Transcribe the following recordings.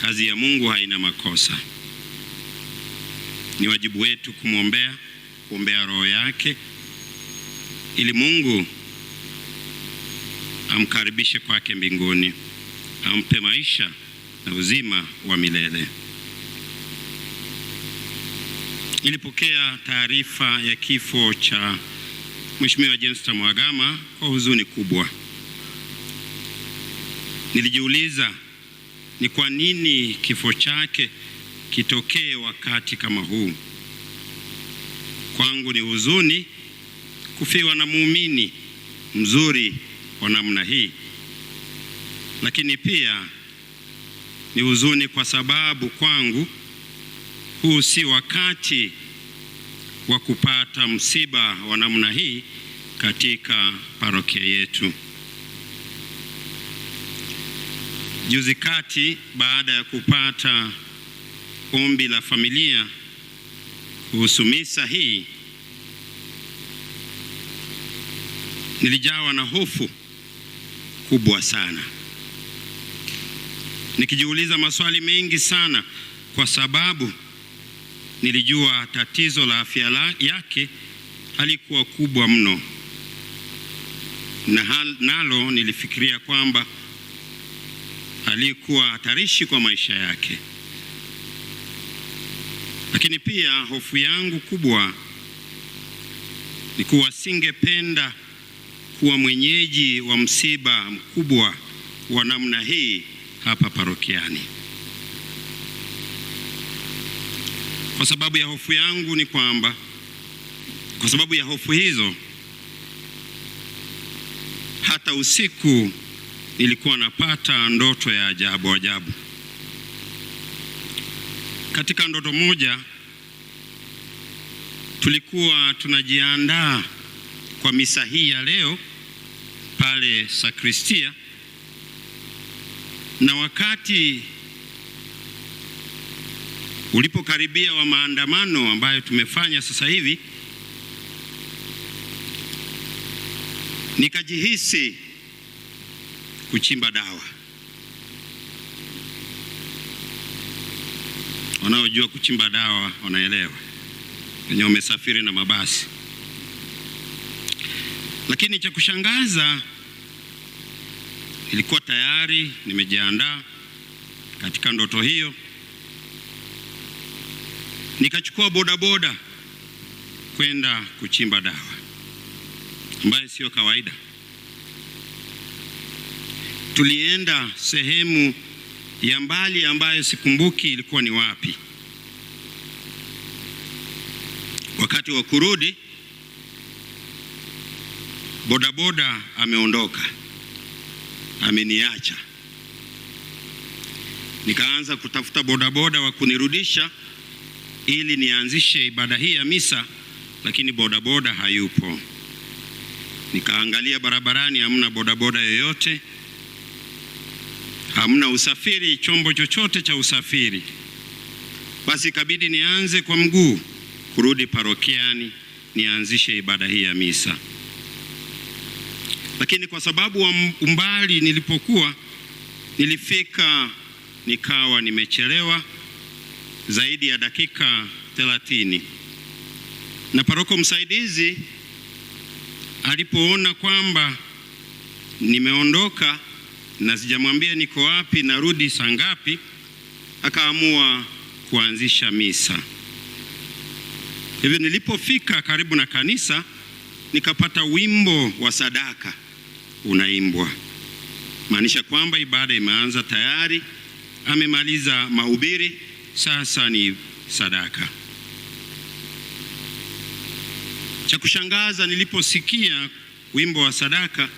Kazi ya Mungu haina makosa. Ni wajibu wetu kumwombea, kuombea roho yake ili Mungu amkaribishe kwake mbinguni, ampe maisha na uzima wa milele. Nilipokea taarifa ya kifo cha Mheshimiwa Jenista Mhagama kwa huzuni kubwa. Nilijiuliza ni kwa nini kifo chake kitokee wakati kama huu? Kwangu ni huzuni kufiwa na muumini mzuri wa namna hii, lakini pia ni huzuni kwa sababu kwangu huu si wakati wa kupata msiba wa namna hii katika parokia yetu. Juzi kati baada ya kupata ombi la familia kuhusu misa hii, nilijawa na hofu kubwa sana, nikijiuliza maswali mengi sana, kwa sababu nilijua tatizo la afya yake halikuwa kubwa mno, na nalo nilifikiria kwamba aliyekuwa hatarishi kwa maisha yake. Lakini pia hofu yangu kubwa ni kuwa singependa kuwa mwenyeji wa msiba mkubwa wa namna hii hapa parokiani. Kwa sababu ya hofu yangu ni kwamba, kwa sababu ya hofu hizo, hata usiku nilikuwa napata ndoto ya ajabu ajabu. Katika ndoto moja tulikuwa tunajiandaa kwa misa hii ya leo pale sakristia, na wakati ulipokaribia wa maandamano ambayo tumefanya sasa hivi, nikajihisi kuchimba dawa. Wanaojua kuchimba dawa wanaelewa, wenye wamesafiri na mabasi. Lakini cha kushangaza, ilikuwa tayari nimejiandaa katika ndoto hiyo, nikachukua bodaboda kwenda kuchimba dawa ambayo siyo kawaida tulienda sehemu ya mbali ambayo sikumbuki ilikuwa ni wapi. Wakati wa kurudi, bodaboda ameondoka, ameniacha. Nikaanza kutafuta bodaboda wa kunirudisha ili nianzishe ibada hii ya misa, lakini bodaboda hayupo. Nikaangalia barabarani, hamna bodaboda yoyote hamna usafiri, chombo chochote cha usafiri, basi ikabidi nianze kwa mguu kurudi parokiani nianzishe ibada hii ya misa. Lakini kwa sababu wa umbali nilipokuwa, nilifika nikawa nimechelewa zaidi ya dakika 30 na paroko msaidizi alipoona kwamba nimeondoka na sijamwambia niko wapi, narudi saa ngapi, akaamua kuanzisha misa. Hivyo nilipofika karibu na kanisa, nikapata wimbo wa sadaka unaimbwa, maanisha kwamba ibada imeanza tayari, amemaliza mahubiri, sasa ni sadaka. Cha kushangaza niliposikia wimbo wa sadaka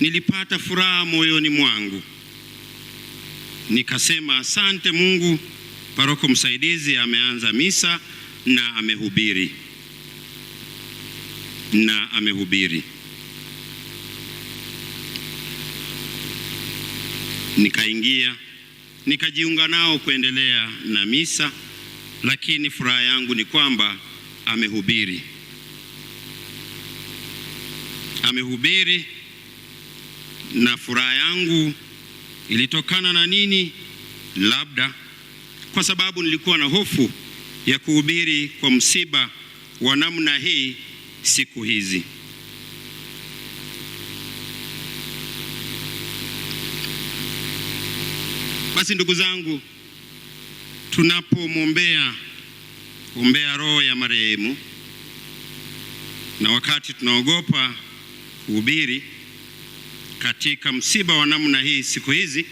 nilipata furaha moyoni mwangu, nikasema asante Mungu, paroko msaidizi ameanza misa na amehubiri na amehubiri. Nikaingia nikajiunga nao kuendelea na misa, lakini furaha yangu ni kwamba amehubiri amehubiri na furaha yangu ilitokana na nini? Labda kwa sababu nilikuwa na hofu ya kuhubiri kwa msiba wa namna hii siku hizi. Basi ndugu zangu, tunapomwombea ombea roho ya marehemu, na wakati tunaogopa kuhubiri katika msiba wa namna hii siku hizi,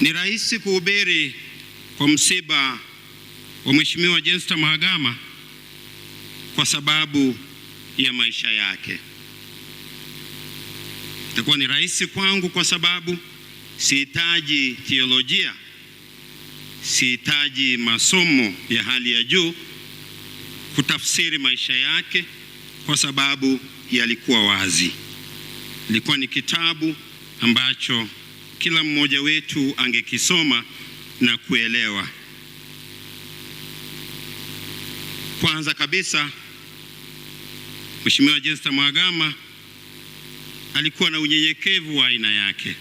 ni rahisi kuhubiri kwa msiba wa Mheshimiwa Jenista Mhagama kwa sababu ya maisha yake. Itakuwa ni rahisi kwangu kwa sababu sihitaji teolojia, sihitaji masomo ya hali ya juu kutafsiri maisha yake kwa sababu yalikuwa wazi. Ilikuwa ni kitabu ambacho kila mmoja wetu angekisoma na kuelewa. Kwanza kabisa, Mheshimiwa Jenista Mhagama alikuwa na unyenyekevu wa aina yake.